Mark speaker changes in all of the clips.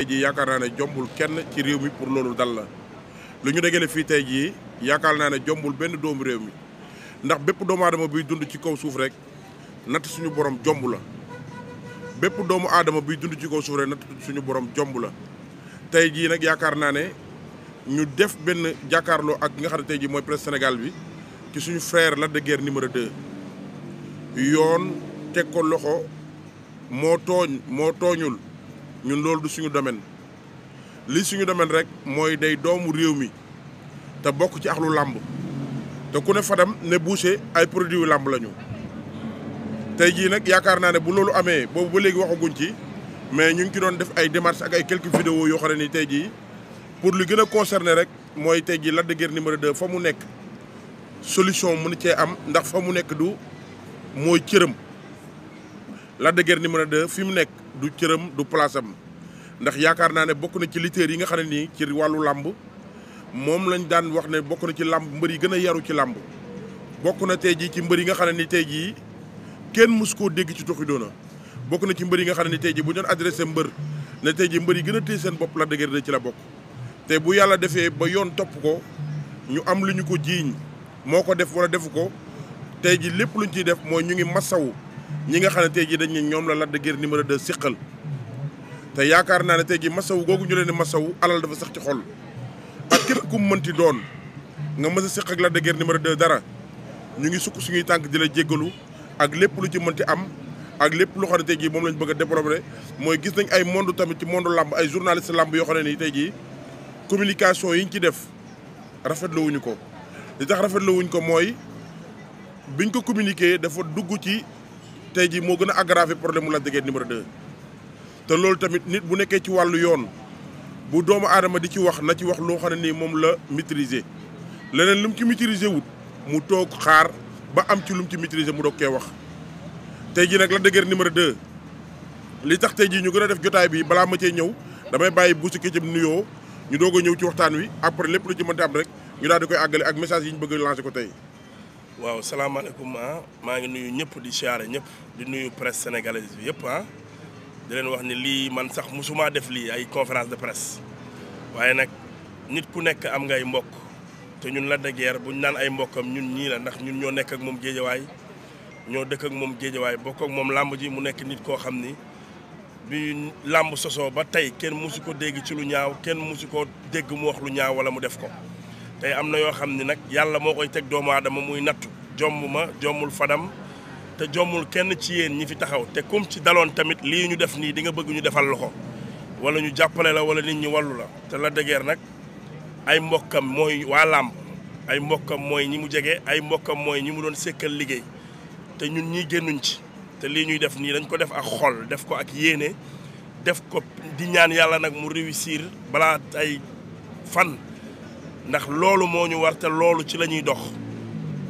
Speaker 1: tey yaakaar naa ne jombul kenn ci réew mi pour loolu dal la lu ñu dajale fii tey jii yaakaar naa ne jombul benn doomu réew mi ndax bépp doomu aadama biy dund ci kaw suuf rek natt suñu boroom jomb la bépp doomu aadama biy dund ci kaw suuf rek suñu borom jomb la tey jii nag yaakaar naa ne ñu def benn jàkkaarloo ak nga xam ne tey jii mooy presse Sénégal bi ci suñu frère la de Guiers numéro 2 yoon teg ko loxo moo tooñ moo tooñul ñun loolu du suñu domaine li suñu domaine rek mooy day doomu réew mi te bokk ci axlu làmb te ku ne Fadam ne bouché ay produit yu làmb lañu tey jii nag yaakaar naa ne bu loolu amee boobu ba léegi waxaguñ ci mais ñu ngi ci doon def ay démarches ak ay quelques vidéos yoo xam ne ni tey jii pour li gën a concerné rek mooy tey jii Lac de Guiers numéro 2 fa mu nekk solution mën cee am ndax fa mu nekk du mooy cëram. la de guerre numéro 2 fim nek du ceureum du place am ndax yakar na ne bokku na ci litere yi nga xamne ni ci walu lamb mom lañ dan wax ne bokku na ci lamb mbeuri gëna yaru ci lamb bokku na tay ji ci mbeuri nga xamne ni tay ji kenn musko deg ci tokhi doona bokku na ci mbeuri nga xamne ni tay ji bu ñu adressé mbeur na tay ji mbeuri gëna tey seen bop la de guerre ci la bok te bu yalla defé ba yoon top ko ñu am luñu ko jiñ moko def wala defuko tay ji lepp luñ ci def moy ñu ngi massaw ñi nga xam ne tey jii dañ ne ñoom la Lac de Guiers numéro 2 siqal te yaakaar naa ne tey jii masawu googu ñu leen di masawu alal dafa sax ci xol ak képp ku mënti doon nga mës a siq ak Lac de Guiers numéro 2 dara ñu ngi sukk suñuy tànk di la jéggalu ak lépp lu ci mënti am ak lépp lu xam ne tey jii moom lañ bëgg a développé mooy gis nañ ay monde tamit ci monde làmb ay journaliste làmb yoo xam ne nii tey jii communication yi ñu ci def rafetluwuñu ko li tax rafetluwuñ ko mooy biñ ko communiqué dafa dugg ci tey jii moo gën a aggravé problème mu Lac de Guiers numéro 2. te loolu tamit nit bu nekkee ci wàllu yoon bu doomu aadama di ci wax na ci wax loo xam ne nii moom la maîtriser leneen lu mu ci maîtriser wut mu toog xaar ba am ci lum ci maîtriser mu doog koy wax. tey jii nag la de Guiers numéro li tax tey jii ñu gën a def jotaay bi balaa ma cee ñëw damay bàyyi buusu këccëg nuyoo ñu doog ñëw ci waxtaan wi après lépp lu ci mënti am rek ñu daal di koy àggale ak message yi ñu bëgg a lancer tey.
Speaker 2: waaw salaamaaleykum ah maa ngi nuyu ñëpp di siaare ñëpp di nuyu presse sénégalaise bi yëpp ah di leen wax ni lii man sax musumaa def lii ay conférence de presse waaye nag nit ku nekk am nga ay mbokk te ñun la degeer buñ naan ay mbokkam ñun ñii la ndax ñun ñoo nekk ak moom géejewaay ñoo dëkk ak moom géejewaay bokk ak moom làmb ji mu nekk nit koo xam ni bi làmb sosoo ba tey kenn mosu ko dégg ci lu ñaaw kenn mosu ko dégg mu wax lu ñaaw wala mu def ko tey am na yoo xam ni nag yàlla moo koy teg doomu aadama muy nattu jomm ma jommul fadam te jommul kenn ci yéen ñi fi taxaw te kum ci daloon tamit lii ñu def nii di nga bëgg ñu defal la wala ñu jàppale la wala nit ñi wàllu la te la nag ay mbokkam mooy waa ay mbokkam mooy ñi mu ay mbokkam mooy ñi mu doon sekkal liggéey te ñun ñii génnuñ ci te lii ñuy def nii dañ ko def ak xol def ko ak yéene def ko di ñaan yàlla nag mu réussir balaa ay fan ndax loolu moo ñu war loolu ci la ñuy dox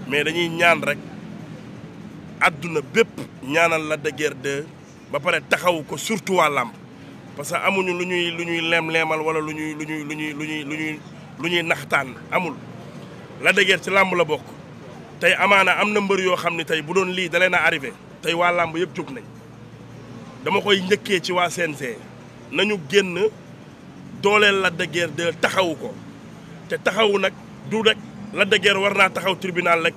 Speaker 2: mais dañuy ñaan rek àdduna bépp ñaanal Lac de ba pare taxawu ko surtout waa làmb parce que amuñu lu ñuy lu ñuy leem-leemal wala lu ñuy lu ñuy lu ñuy lu ñuy lu ñuy lu ñuy naxtaan amul Lac de ci làmb la bokk tey amaana am na mbër yoo xam ne tey bu doon lii da na a arrivé tey waa làmb yëpp jóg nañ dama koy njëkkee ci waa CNG nañu génn dooleel Lac de Guiers taxawu ko te taxawu nag du rek la de war naa taxaw tribunal rek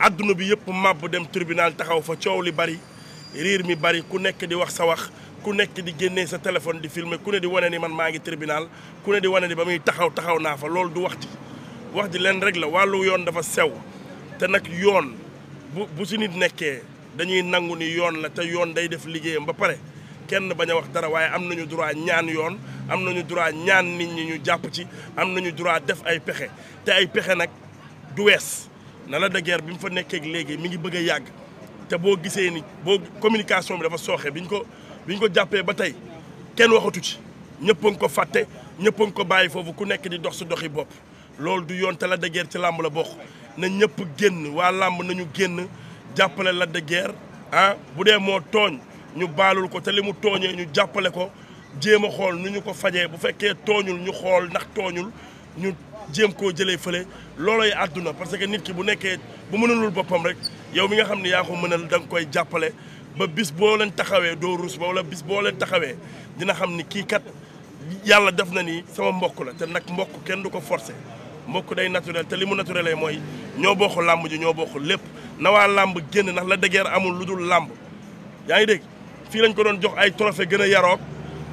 Speaker 2: àdduna bi yëpp màbb dem tribunal taxaw fa coow li bari riir mi bari ku nekk di wax sa wax ku nekk di génnee sa téléphone di filmer ku ne di wane ni man maa ngi tribunal ku ne di wane ni ba muy taxaw taxaw naa fa loolu du waxti wax di leen rek la wàllu yoon dafa sew te nag yoon bu bu si nit nekkee dañuy nangu ni yoon la te yoon day def liggéeyam ba pare kenn bañ a wax dara waaye am nañu droit ñaan yoon am nañu droit ñaan nit ñi ñu jàpp ci am nañu droit def ay pexe te ay pexe nag du wees na la de guerre bi mu fa nekkeek léegi mi ngi bëgg a yàgg te boo gisee ni boo communication bi dafa sooxe biñ ko biñ ko jàppee ba tey kenn waxatu ci ñëpp a ngi ko fàtte ñëpp a ngi ko bàyyi foofu ku nekk di dox si doxi bopp loolu du yoon te la de guerre ci làmb la bokk na ñëpp génn waa làmb nañu génn jàppale la de guerre ah bu dee moo tooñ ñu baalul ko te li mu tooñee ñu jàppale ko jéem a xool nu ñu ko fajee bu fekkee tooñul ñu xool ndax tooñul ñu jéem koo jëlee fële loolooy adduna parce que nit ki bu nekkee bu mënalul boppam rek yow mi nga xam ne yaa ko mënal da nga koy jàppale ba bis boo leen taxawee doo rus ba wala bis boo leen taxawee dina xam ni kii kat yàlla def na ni sama mbokk la te nag mbokk kenn du ko forcer mbokk day naturel te li mu naturel mooy ñoo bokk làmb ji ñoo bokk lépp na làmb génn ndax la dëgër amul lu dul làmb yaa ngi dégg fii lañ ko doon jox ay trophée gën a yaroog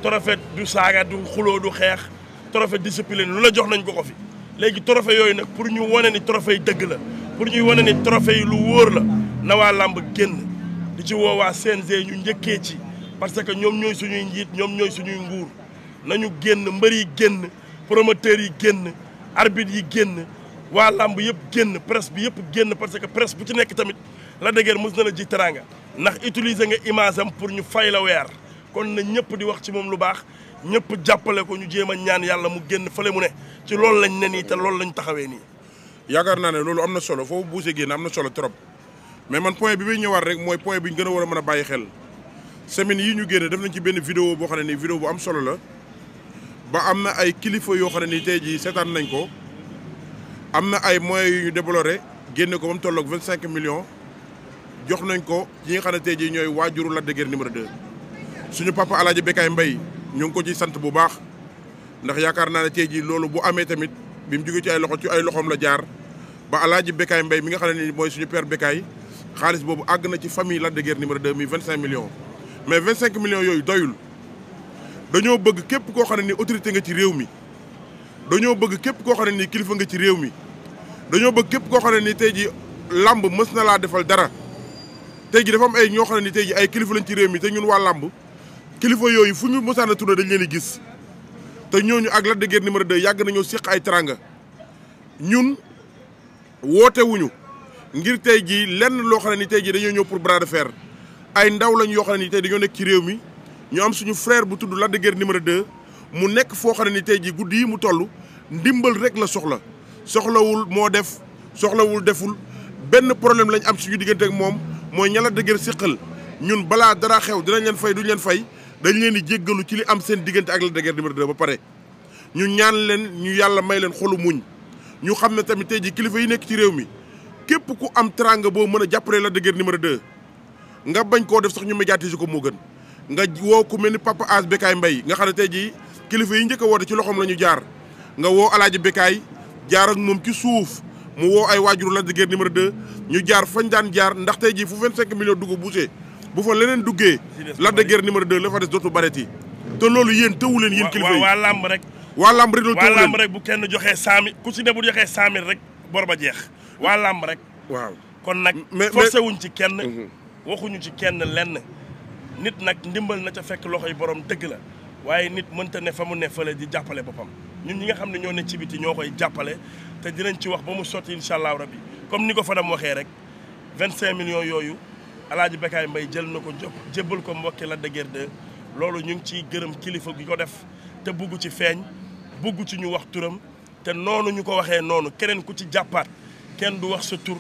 Speaker 2: trophée du saaga du xuloo du xeex trophée discipline lu la jox nañ ko ko fi léegi trophée yooyu nag pour ñu wane ni trophée yi dëgg la pour ñuy wone ni trophée yi lu wóor la na waa làmb génn di ci woo waa CNG ñu njëkkee ci parce que ñoom ñooy suñuy njiit ñoom ñooy suñuy nguur nañu génn mbër yi génn promoteurs yi génn arbitre yi génn waa làmb yëpp génn presse bi yëpp génn parce que presse bu ci nekk tamit la dëgër mës na la ji teraanga ndax utiliser nga image pour ñu fay la weer kon na ñëpp di wax ci moom lu baax ñëpp jàppale ko ñu jéem a ñaan yàlla mu génn fële mu ne ci lool lañ ne nii te loolu lañ taxawee nii. yaakaar
Speaker 1: naa ne loolu am na solo foofu buuse génn am na solo trop mais man point bi may ñëwaat rek mooy point bi ñu gën a war a mën a bàyyi xel semaine yi ñu génne def nañ ci benn vidéo boo xam ne nii vidéo bu am solo la ba am na ay kilifa yoo xam ne nii tey jii seetaan nañ ko am na ay moyens yu ñu ko ba mu vingt cinq millions. jox nañ ko ci nga xam ne tey jii ñooy waajuru Lac de Guiers numéro 2. suñu papa Alaaji Bekaay Mbay ñu ngi ko ci sant bu baax ndax yaakaar naa ne tey jii loolu bu amee tamit bi mu jógee ci ay loxo ci ay loxoom la jaar ba Alaaji Bekaay Mbay mi nga xam ne nii mooy suñu père Bekaay xaalis boobu àgg na ci famille Lac de Guiers numéro 2 mi 25 millions. mais 25 millions yooyu doyul dañoo bëgg képp koo xam ne ni autorité nga ci réew mi dañoo bëgg képp koo xam ne nii kilifa nga ci réew mi dañoo bëgg képp koo xam ne nii tey jii làmb mës na laa defal dara. tey ji dafa am ay ñoo xam ni tey ji ay kilifa lañ ci réew mi te ñun waa làmb kilifa yooyu fu ñu mosaan a tourné dañ leen di gis te ñooñu ak Lac de Guiers numéro yàgg nañoo seq ay teranga ñun wootewuñu ngir tey jii lenn loo xam ne ni tey jii dañoo ñëw pour bras de fer ay ndaw lañ yoo xam ne ni tey dañoo nekk ci réew mi ñu am suñu frère bu tudd Lac de Guiers numéro 2 mu nekk foo xam ne ni tey jii guddi yi mu toll ndimbal rek la soxla soxlawul moo def soxlawul deful benn problème lañ am suñu diggante ak moom mooy ñala dëgër siqal ñun balaa dara xew dinañ leen fay duñ leen fay dañu leen di jéggalu ci li am seen diggante ak la dëgër numéro 2 ba pare ñu ñaan leen ñu yàlla may leen xolu muñ ñu xam ne tamit tey ji kilifa yi nekk ci réew mi képp ku am teranga boo mën a jàppale la dëgër numéro 2 nga bañ koo def sax ñu médiatiser ko moo gën nga woo ku mel ni papa as mbay Mbaye nga xam ne tey jii kilifa yi njëkk a ci loxoom la ñu jaar nga woo alaaji Bekaay jaar moom ci suuf mu woo ay waajuru Lac de Guiers numéro ñu jaar fañ daan jaar ndaxte tey jii fu 25 millions dugg buuse bu
Speaker 2: fa leneen duggee. Lac de Guiers numéro 2 la fa des dootu bareeti te loolu yéen tëwu leen yéen kilifa yi waa làmb rek. waa làmb rek loolu tëwu leen waa bu kenn joxee 100000 ku si ne bu joxee 100000 rek bor ba jeex. waa làmb rek. waaw kon nag. mais forcé wuñ ci kenn. Mhm. waxuñu ci kenn lenn. nit nag ndimbal na ca fekk loxo yi borom tëgg la waaye nit mënta ne fa mu ne fële di jàppale boppam. ñun ñi nga xam ne ñoo ne ci biti ñoo koy jàppale te dinañ ci wax ba mu sotti incha allah rabbi comme ni ko Fadam waxee rek vingt 25 millions yooyu Alaaji bakaay Mbay jël na ko jóg jébbal ko mbokki la de Guiers loolu ñu ngi ciy gërëm kilifa gi ko def te bugg ci feeñ bugg ci ñu wax turam te noonu ñu ko waxee noonu keneen ku ci jàppaat kenn du wax sa tur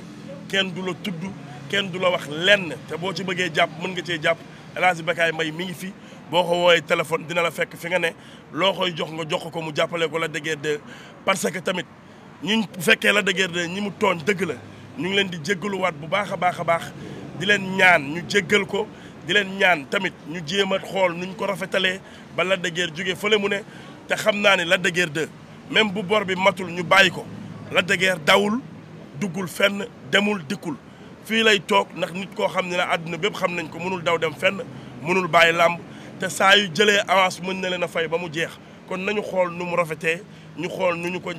Speaker 2: kenn du la tudd kenn du la wax lenn te boo ci bëggee jàpp mën nga cee jàpp Alaaji Bekaay may mi ngi fi boo ko woowee téléphone dina la fekk fi nga ne loo koy jox nga jox ko mu jàppale ko la dëgër de parce que tamit ñi bu fekkee la dëgër de ñi mu tooñ dëgg la ñu ngi leen di jéggaluwaat bu baax a baax a baax di leen ñaan ñu jéggal ko di leen ñaan tamit ñu jéem a xool nuñ ko rafetalee ba la dëgër jógee fële mu ne te xam naa ne la dëgër de même bu bor bi matul ñu bàyyi ko la dëgër dawul duggul fenn demul dikkul fii lay toog ndax nit koo xam ne la àdduna bépp xam nañ ko mënul daw dem fenn mënul bàyyi làmb te saa yu jëlee avance mën na leen a fay ba mu jeex kon nañu xool nu mu rafetee ñu xool nu ñu ko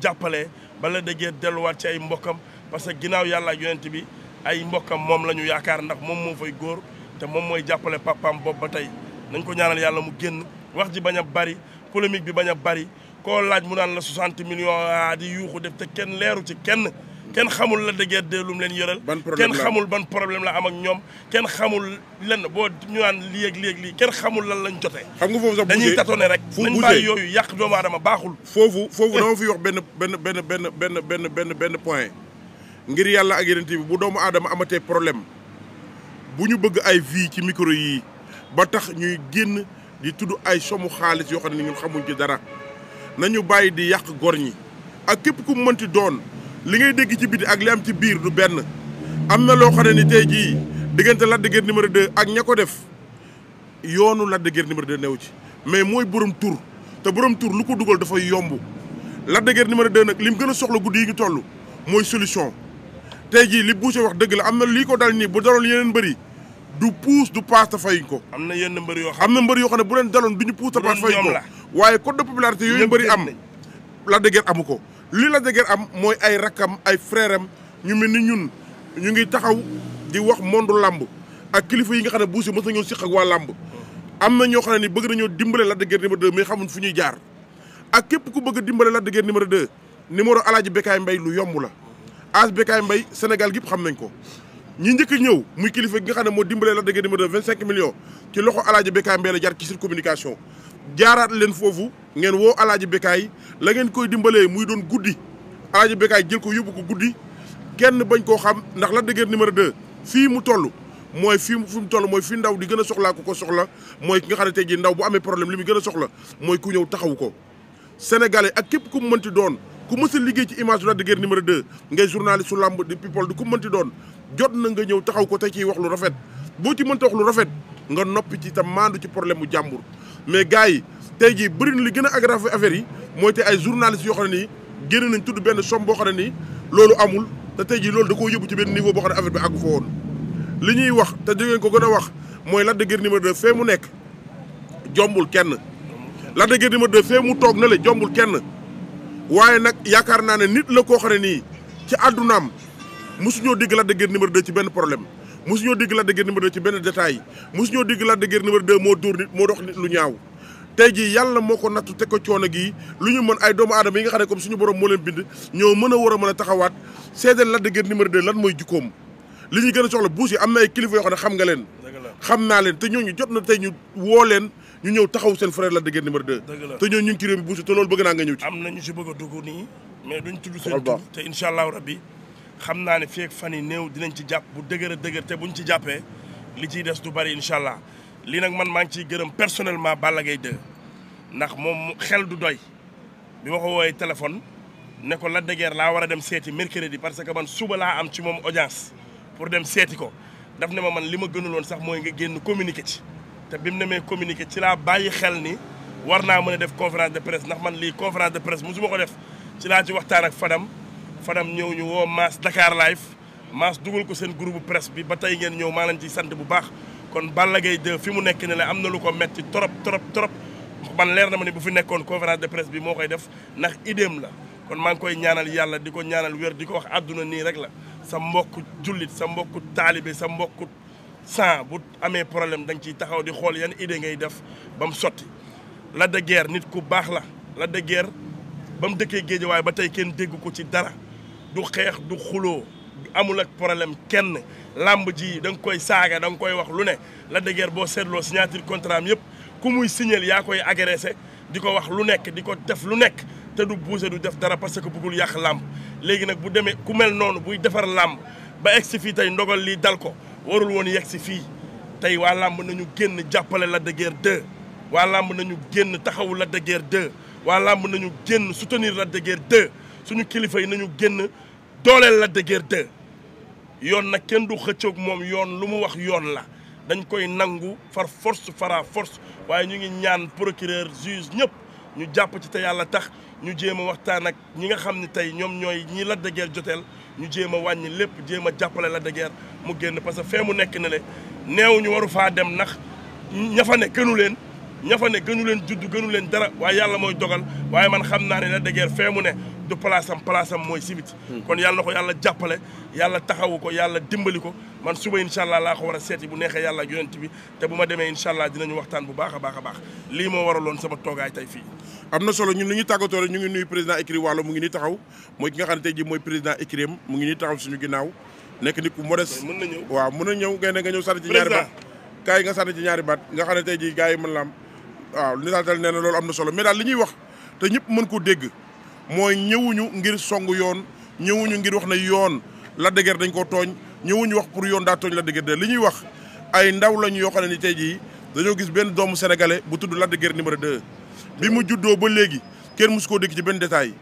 Speaker 2: jàppale bala dëggee delluwaat ci ay mbokkam parce que ginnaaw yàlla ak yonent bi ay mbokkam moom la ñu yaakaar ndax moom moo fay góor te moom mooy jàppale papaam boobu ba tey nañ ko ñaanal yàlla mu génn wax ji bañ a bari polémique bi bañ a bari koo laaj mu naan la 60 million ah, di yuuxu def te kenn leeru ci kenn kenn xamul la dëgër de lu mu leen yoral kenn xamul ban problème la am ak ñoom kenn xamul lenn boo ñu naan lii ak lii ak lii kenn xamul lan lañ jotee
Speaker 1: xam nga foofu sax dañuy tatone rek nañ bàyyi yooyu
Speaker 2: yàq doomu aadama baaxul foofu foofu dama fi wax benn benn benn benn benn benn benn benn point
Speaker 1: ngir yàlla ak yeneen bi bu doomu aadama amatee problème bu ñu bëgg ay vie ci micro yii ba tax ñuy génn di tudd ay somu xaalis yoo xam ne ñun xamuñ ci dara nañu bàyyi di yàq gor ñi ak képp ku mënti doon li ngay dégg ci biti ak li am ci biir du benn am na loo xam ne ni tey jii diggante Lac de Guiers numéro 2 ak ña ko def yoonu Lac de Guiers numéro 2 new ci mais mooy borom tur te borom tur lu ko dugal dafay yomb Lac de Guiers numéro 2 nag li mu gën a soxla guddi yi ñu toll mooy solution tey jii li Boucher wax dëgg la am na lii ko dal nii bu daloon yeneen mbëri du puus du paas te fayuñ ko.
Speaker 2: am na yenn mbër yoo xam am na mbër
Speaker 1: xam ne bu leen daloon du ñu puus te paas fayuñ ko waaye code de popularité yooyu mbëri am Lac de Guiers amu ko. li la dëgër am mooy ay rakkam ay frère ñu mel ni ñun ñu ngi taxaw di wax monde làmb ak kilifa yi nga xam ne buusi mos ñëw siq ak waa làmb am na ñoo xam ne ni bëgg nañoo dimbale Lac de Guiers numéro 2 mais xamuñ fu ñuy jaar ak képp ku bëgg dimbale Lac de Guiers de 2 numéro alaaji Mbay lu yomb la as Bekaay Mbay Sénégal gépp xam nañ ko ñi njëkk ñëw muy kilifa gi nga xam ne moo dimbale Lac de Guiers numéro 2 vingt cinq millions ci loxo alaaji la jaar ci seen jaaraat leen foofu ngeen woo alaaji Bécaye la ngeen koy dimbalee muy doon guddi alaaji Bécaye jël ko yóbbu ko guddi kenn bañ koo xam ndax Lac de Guiers numéro 2 fii mu toll mooy fii fi mu toll mooy fi ndaw di gën a soxlaa ko ko soxla mooy ki nga xam ne tey jii ndaw bu amee problème li muy gën a soxla mooy ku ñëw taxaw ko sénégalais ak képp ku mu mënti doon ku mës liggéey ci image du Lac de Guiers numéro 2 ngay journaliste su lamb di people di ku mu mënti doon jot na nga ñëw taxaw ko te ciy wax lu rafet boo ci mënta lu rafet nga noppi ci tam ci problème mu jàmbur mais gars yi tey jii bëri na li gën a aggravé affaire yi mooy tey ay journalistes yoo xam ne nii génn nañ tudd benn somme boo xam ne ni loolu amul te tey jii loolu da koo yóbbu ci benn niveau boo xam ne affaire bi àggu fa woon li ñuy wax te jógeen ko gën a wax mooy Lac de ni ma 2 fee mu nekk jombul kenn Lac de Guiers ma 2 fee mu toog na le jombul kenn waaye nag yaakaar naa ne nit la koo xam ne nii ci àddunaam mosuñoo dégg Lac de Guiers numéro 2 ci benn problème mosu ñoo dégg Lac de Guiers numéro 2 ci ñoo dégg Lac de Guiers numéro 2 moo dóor nit moo dox lu ñaaw tey jii yàlla moo ko nattu teg ko coono gii lu ñu mën ay doomu aadama yi nga xam ne comme suñu borom moo leen bind ñoo mën a war a mën a taxawaat seedeel Lac de Guiers numéro 2 lan mooy jukkoom li ñuy gën a soxla buus yi am na ay kilifa yoo xam nga leen xam naa leen te ñooñu jot na tey ñu woo leen ñu ñëw taxaw seen frère Lac de Guiers numéro 2 te ñoo ñu ngi
Speaker 2: ci réew mi buus te a dugg nii mais te incha xam naa ne fii fan yi néew dinañ ci jàpp bu dëgër a dëgër te buñ ci jàppee li ciy des du bari incha allah lii nag man maa ngi ciy gërëm personnellement Balla gay 2 ndax moom xel du doy bi ma ko woowee téléphone nekko ko la dëgër laa war a dem seeti mercredi parce que man suba laa am ci moom audience pour dem seeti ko def ne ma man li ma gënuloon sax mooy nga génn communiqué ci te bi mu demee communiqué ci laa bàyyi xel ni war naa mën a def conférence de presse man lii conférence de presse musuma ko def ci laa ci waxtaan ak Fadam fanam ñew ñu wo mass dakar life mass duggal ko seen groupe presse bi ba tay ngeen ñew ma lañ ci sante bu baax kon ballagay de fi mu nekk ne la amna lu ko metti trop trop trop man leer na ma ni bu fi nekkon conférence de presse bi mo koy def nak idem la kon mang koy ñaanal yalla diko ñaanal wër diko wax aduna ni rek la sa mbokk julit sa mbokk talibé sa mbokk sans bu amé problème dang ci taxaw di xol yan idée ngay def bam soti la de guerre nit ku bax la la de guerre bam dekké guedjo way ba tay kenn déggu ko ci dara du xeex du xuloo amul ak problème kenn làmb ji da nga koy saaga da nga koy wax lu ne la dëgër boo seetloo signature contrat am yëpp ku muy signal yaa koy agressé di ko wax lu nekk di ko def lu nekk te du bougé du def dara parce que bëggul yàq làmb léegi nag bu demee ku mel noonu buy defar làmb ba egg si fii tey ndogal lii dal ko warul woon yegg si fii tey waa làmb nañu génn jàppale Lac de Guiers 2 waa làmb nañu génn taxawul Lac de Guiers waa làmb nañu génn soutenir Lac de suñu kilifa yi nañu génn dooleel la de Guiers yoon nag kenn du xëccoog moom yoon lu mu wax yoon la dañ koy nangu far force fara force waaye ñu ngi ñaan procureur juge ñëpp ñu jàpp ci te yàlla tax ñu jéem a waxtaan ak ñi nga xam ne tey ñoom ñooy ñii la de joteel ñu jéem a wàññi lépp jéem a jàppale Lac de mu génn parce que fee mu nekk ne le neew ñu waru faa dem nax ña fa ne gënu leen ña ne gënu leen judd gënu leen dara waaye yàlla mooy jogal waaye man xam naa ne Lac de fee mu ne du place am place am mooy simit kon yàlla ko yàlla jàppale yàlla taxawu ko yàlla dimbali ko man suba incha allah laa ko war seeti bu neexee yàlla ak yonent bi te bu ma demee incha allah dinañu waxtaan bu baax a baax a baax lii moo waraloon sama toogaay tey fii
Speaker 1: am na solo ñun li ñu tàggatoo ñu ngi nuyu président écurie Walo mu ngi ni taxaw mooy ki nga xam ne tey ji mooy président écurie am mu ngi ni suñu ginnaaw nekk nit ku modeste mën na ñëw waaw mën na ñëw ngay ne nga ñëw sànni ci ñaari baat nga xam ne tey ji gars yi mën la am waaw loolu am na solo mais daal li ñuy wax te ñëpp mën ko dégg mooy ñëwuñu ngir song yoon ñëwuñu ngir wax na yoon la dëgër dañ koo tooñ ñëwuñu wax pour yoon daa tooñ la dëgër de li ñuy wax ay ndaw lañu yoo xam ne ni tey jii dañoo gis benn doomu sénégalais bu tudd Lac de Guiers numéro 2 bi mu juddoo ba léegi kenn mosu koo dégg ci benn détail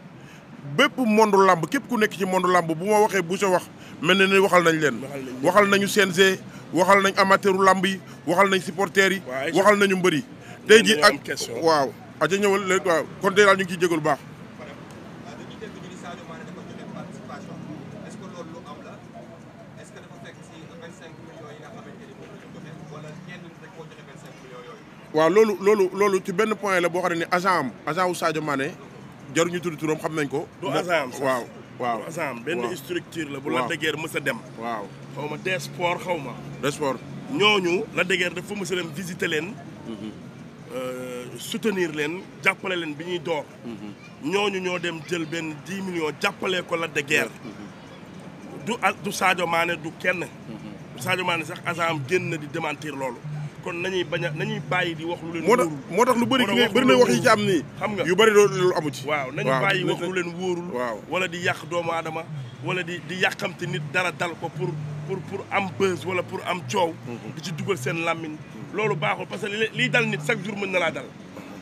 Speaker 1: bépp monde lamb képp ku nekk ci monde lamb bu ma waxee bu sa wax mel na ni waxal nañ leen waxal nañu CNG waxal nañ amateuru làmb yi waxal nañ supporters yi waxal nañu mbër yi tey ji ak waaw aca ñëwal léegi waaw kon tey daal ñu ngi ciy jégalu baax waaw loolu loolu loolu ci benn point la boo xam ne agent am agent wu Sadio Mané jaru ñu tudd xam nañ ko. du agent waaw. waaw agent am benn
Speaker 2: structure la. bu la dëgër mës a dem. waaw xaw ma des sport xaw ma. des sport ñooñu. la dëgër dafa mës a dem visiter leen. Mhm. Euh, soutenir leen jàppale leen bi ñuy door. Mhm. ñooñu ñoo dem jël benn dix millions jàppale ko la dëgër. Mhm. du du Sadio Mané du kenn. du Sadio Mané sax agent am génn di démentir loolu. kon nañuy bañ a nañuy bàyyi di wax lu leen wóorul moo tax lu bëri ki ngay bëri na wax ci am nii xam nga yu bëri loolu amu ci waaw nañu bàyyi wax lu leen wóorul waaw wala di yàq doomu aadama wala di di yàqamte nit dara dal ko pour pour pour am buzz wala pour am coow mm-hmm. di ci dugal seen làmmiñ loolu baaxul parce que liy dal nit chaque jour mën na laa dal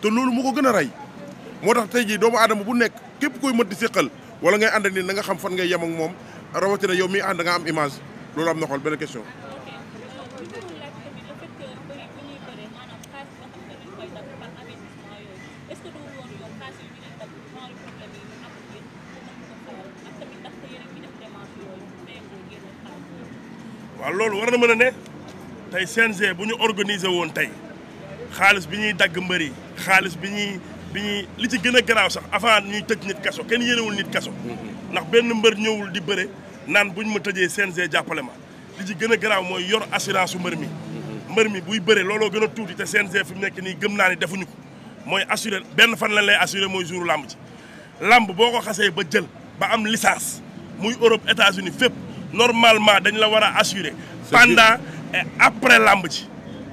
Speaker 1: te loolu moo ko gën a rey moo tax tey jii doomu aadama bu nekk képp koy mët di séqal wala ngay ànd ni na nga xam fan ngay yem moom rawatina yow mi ànd nga am image loolu am na xool benn
Speaker 2: waaw loolu war na mën a ne tey CNG bu ñu organiser woon tey. xaalis bi ñuy dagg mbër yi xaalis bi ñuy bi ñuy li ci gën a garaaw sax avant ñuy tëj nit kaso kenn yéenewul nit kaso mhm. ndax benn mbër ñëwul di bëre naan buñ ma tëjee CNG jàppale ma li ci gën a mooy yor assurance su mbër mi mhm. mbër mi buy bëre looloo gën a tuuti te CNG fi mu nekk nii gëm naa ni defuñu ko mooy assuré benn fan la lay assuré mooy jour làmb ci làmb boo ko xasee ba jël ba am licence muy Europe États-Unis fépp normalement dañ la war a assuré pendant et làmb ci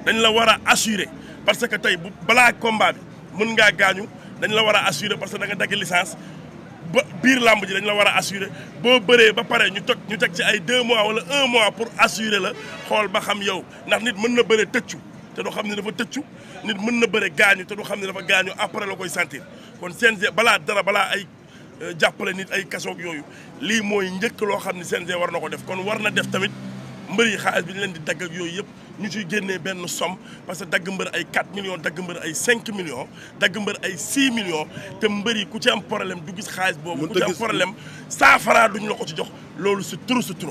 Speaker 2: dañ la war a assuré parce que tey bu balaa combat bi mën ngaa gaañu dañ la war a assurer parce que da nga dagg ba biir làmb ji dañ la war a assurer boo bëree ba pare ñu toj ñu teg ci ay deux mois wala un mois pour assurer la xool ba xam yow ndax nit mën na bëree tëccu te du xam ne dafa tëccu nit mën na bëre gaañu te du xam ne dafa gaañu après la koy sentir kon CNG balaa dara balaa ay euh, jàppale nit ay kasoog yooyu lii mooy njëkk loo xam ne CNG war na ko def kon war na def tamit mbër yi xaalis bi ñu leen di dagg yooyu yëpp ñu ciy génnee benn somme parce que dagg mbër ay 4 millions dagg mbër ay 5 millions dagg mbër ay 6 millions te mbër yi ku ci am problème du gis xaalis boobu. ku ci am problème 100 francs la ko ci jox loolu c'est trop c'est trop.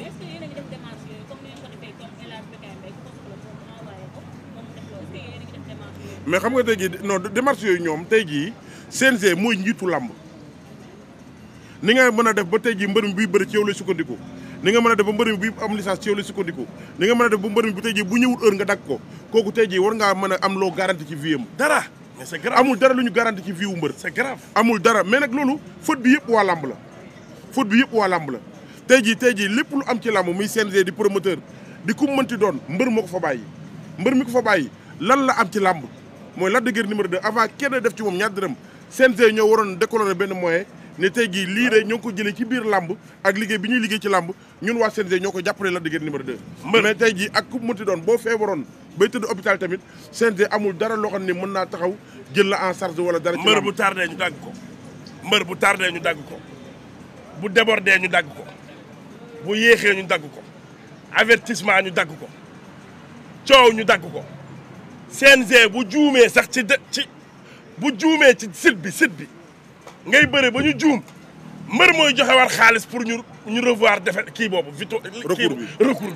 Speaker 1: mais xam nga tey jii non démarche yooyu ñoom tey jii CNG mooy njiitu làmb ni nga mën a def ba tey jii mbër mi buy bëri ci yow lay sukkandiku. ni nga mën a def ba mbër mi bu am licence ci yow la sukkandiku ni nga mën a def ba mbër mi bu tey jii bu ñëwul heure nga dagg ko kooku tey jii war ngaa mën a am loo garanti ci vie am dara mais c'est grave amul dara lu ñu garanti ci vie wu mbër c'est grave amul dara mais nag loolu faute bi yëpp waa làmb la faute bi yëpp waa làmb la tey jii tey jii lépp lu am ci làmb muy CNG di promoteur di ku mënti doon mbër moo ko fa bàyyi mbër mi ko fa bàyyi lan la am ci làmb mooy Lac de Guiers numéro 2 avant kenn def ci moom ñaar dërëm CNG ñoo waroon décoloré benn moyen ne tey jii liire de ñoo ko jëlee ci biir làmb ak liggéey bi ñuy liggéey ci làmb ñun waa CNG ñoo ko jàppale Lac de Guiers numéro 2 mais tey jii ak ku mu doon boo feebaroon bay tëdd hôpital tamit CNG amul dara loo xam mën naa taxaw jël la en charge wala dara mbër bu
Speaker 2: tardé ñu dagg ko mbër bu tardé ñu dagg ko bu débordé ñu dagg ko bu yéexee ñu dagg ko avertissement ñu dagg ko coow ñu dagg ko CNG bu juumee sax ci ci bu juumee ci site bi site bi ngay bëre ba ñu juum mbër mooy joxe war xaalis pour ñu ñu revoir defet kii boobu vito recours bi recours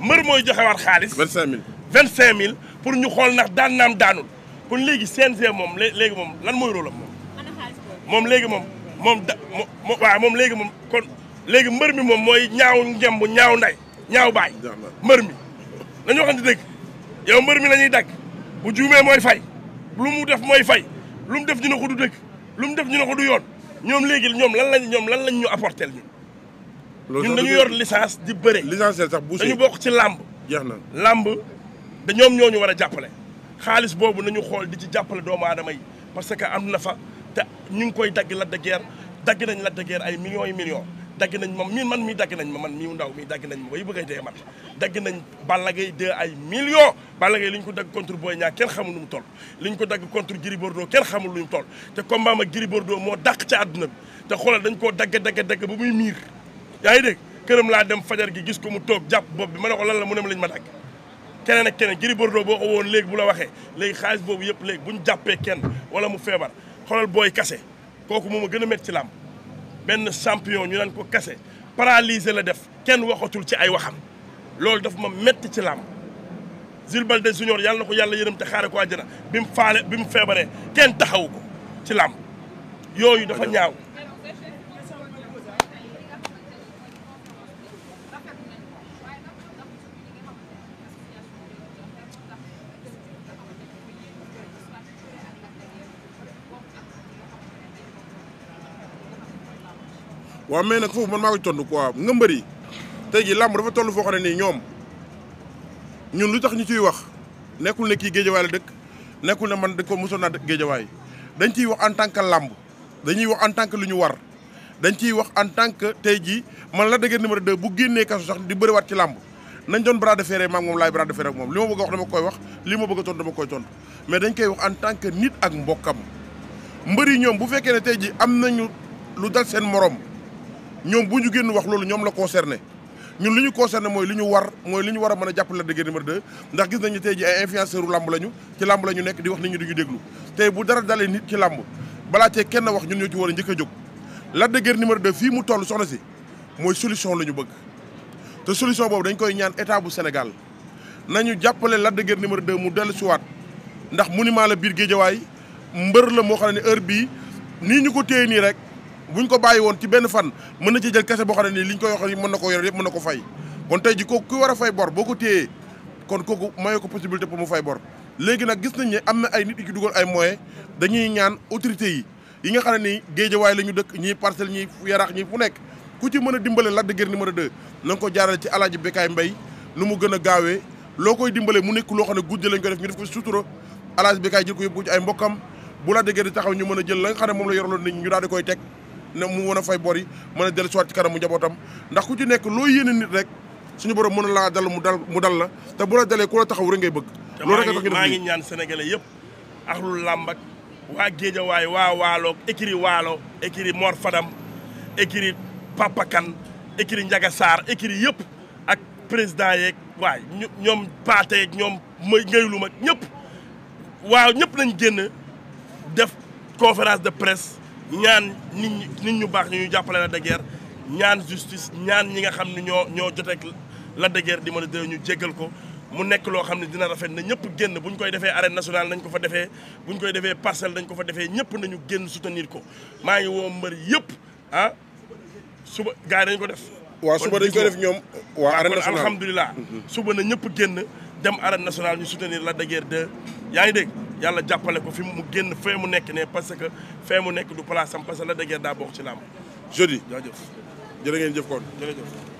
Speaker 2: bi mooy joxe war xaalis vingt cinq mille vingt cinq mille pour ñu xool ndax daan naam daanul kon léegi CNG moom léegi moom lan mooy rolom moom moom léegi moom moom da moom léegi moom kon léegi mbër mi moom mooy ñaaw njemb ñaaw nday ñaaw baay mbër mi nañu waxante dëgg yow mbër mi la ñuy dagg bu juumee mooy fay lu mu def mooy fay lu mu def dina ko du dëgg lu mu def ñu ne ko du yoon ñoom léegi ñoom lan lañ ñoom lan lañ ñu apporté ñun. ñun dañu yor licence di bëre. licence sax bu dañu bokk ci làmb. jeex na làmb da ñoom ñoo ñu war a jàppale. xaalis boobu nañu xool di ci jàppale doomu aadama yi parce que am na fa te ñu koy dagg Lac de Guiers dagg nañ Lac de ay millions yi million dagg nañ ma mii man mi dagg nañ ma man mi ndaw mi dagg nañ ma bay bëgg a dee man dagg nañ Balla Gaye 2 ay millions Balla Gaye li ñu ko dagg contre booy Niang kenn xamul lu mu toll li ñu ko dagg contre Gris Bordeaux kenn xamul lu mu toll te combat ma Gris Bordeaux moo dàq ca àdduna bi te xoolal dañ koo dagg dagg dagg ba muy miir yaa ngi dégg këram laa dem fajar gi gis ko mu toog jàpp bopp bi ma ne ko lan la mu nem ma lañ ma dagg keneen ak keneen Gris Bordeaux boo ko woon léegi bu la waxee léegi xaalis boobu yëpp léegi bu ñu jàppee kenn wala mu feebar xoolal booy kase kooku moom gën a ci làmb benn champion ñu naan ko kase paralysé la def kenn waxatul ci ay waxam loolu dafa ma metti ci làmb Jules de Junior yàlla na ko yàlla yërëm te xaare ko àjjana bi mu faale bi mu feebaree kenn taxawu ko ci làmb yooyu dafa ñaaw
Speaker 1: waaw mais nag foofu man maa ko tontu quoi nga mbëri tey jii làmb dafa toll foo xam ne nii ñoom ñun lu tax ñu ciy wax nekkul ne kii géejawaay la dëkk nekkul ne man da ko mosoon naa géejawaay dañ ciy wax en tant que làmb dañuy wax en tant lu ñu war dañ ciy wax en tant que tey jii man la dëgër numéro 2 bu génnee kaso sax di bëriwaat ci làmb nañ doon bras de fer maam moom laay bras de fer ak moom li ma bëgg a wax dama koy wax dama koy ton mais dañ koy wax en tant que nit ak mbokkam mbër mbëri ñoom bu fekkee ne tey jii am nañu lu dal seen moroom ñoom bu ñu génn wax loolu ñoom la concerné ñun li ñu concerné mooy li ñu war mooy li ñu war a mën a jàppale Lac de Guiers numéro ndax gis nañu tey ji ay influenceur u làmb lañu ci làmb la ñu nekk di wax nit ñi duñu déglu tey bu dara dalee nit ci làmb balaa tey kenn wax ñun ñoo ci war a njëkk a jóg Lac de Guiers numéro 2 fii mu toll soxna si mooy solution la ñu bëgg te solution boobu dañu koy ñaan état bu Sénégal nañu jàppale Lac de Guiers numéro 2 mu dellu siwaat ndax monument la biir géejawaay mbër la moo xam ne heure bii nii ñu ko téye nii rek bu ñu ko bàyyi woon ci benn fan mën na ci jël kese boo xam ne nii li ñu koy wax mën na ko yor yëpp mën na ko fay kon tey ji ko ku war a fay bor boo ko téyee kon kooku mayoo ko possibilité pour mu fay bor léegi nag gis nañ ne am na ay nit yu ci dugal ay moyens dañuy ñaan autorités yi yi nga xam ne nii géejawaay la ñu dëkk ñii parcelle ñii yaraax ñii fu nekk ku ci mën a dimbale Lac de Guiers numéro 2 na nga ko jaarale ci alaaji Bekaay Mbay nu mu gën a gaawee loo koy dimbale mu nekk loo xam ne guddi lañ ko def ñu def ko sutura alaaji Bekaay jël ko yóbbu ci ñu mën a jël la xam ne moom la yorloon nit ñu daal di koy teg ne mu mën a fay bor yi mën a dellu siwaat ci kanam mu njabootam ndax ku ci nekk loo yéene nit rek suñu borom mën laa dall mu dal mu dal la te bu la dalee ku la taxaw rek ngay bëgg
Speaker 2: loolu rek a tax maa ngi ñaan sénégalais yëpp ak lu làmb ak waa géejawaay waa waalo écurie waalo écurie Mor Fadam écurie Papa Kane écurie Ndiaga yëpp ak président yeeg waay ñoom paateeg ñoom may ngaylu mag ñëpp waaw ñëpp nañ génn def conférence de presse ñaan nit ñi ñu baax ñu jàppale la de ñaan justice ñaan ñi nga xam ne ñoo ñoo joteeg Lac de Guiers di mën a dé ñu jéggal ko mu nekk loo xam ne dina rafet na ñëpp génn bu ñu koy defee arène national nañ ko fa defee bu ñu koy defee parcelle dañ ko fa defee ñëpp nañu génn soutenir ko maa ngi woo mbër yëpp ah suba gars yi dañ ko def waaw suba dañ koy def ñoom
Speaker 1: waa arène nationale alhamdulilah
Speaker 2: mm-hmm. suba na ñëpp génn dem arène national ñu soutenir Lac de Guiers yaa ngi dégg yalla jàppale ko fi mu génn fee mu nekk ne parce que fee mu nekk du place am parce que la dëgg daa bokk ci làmb jeudi jaajëf jërë ngeen jëf kon jërëjëf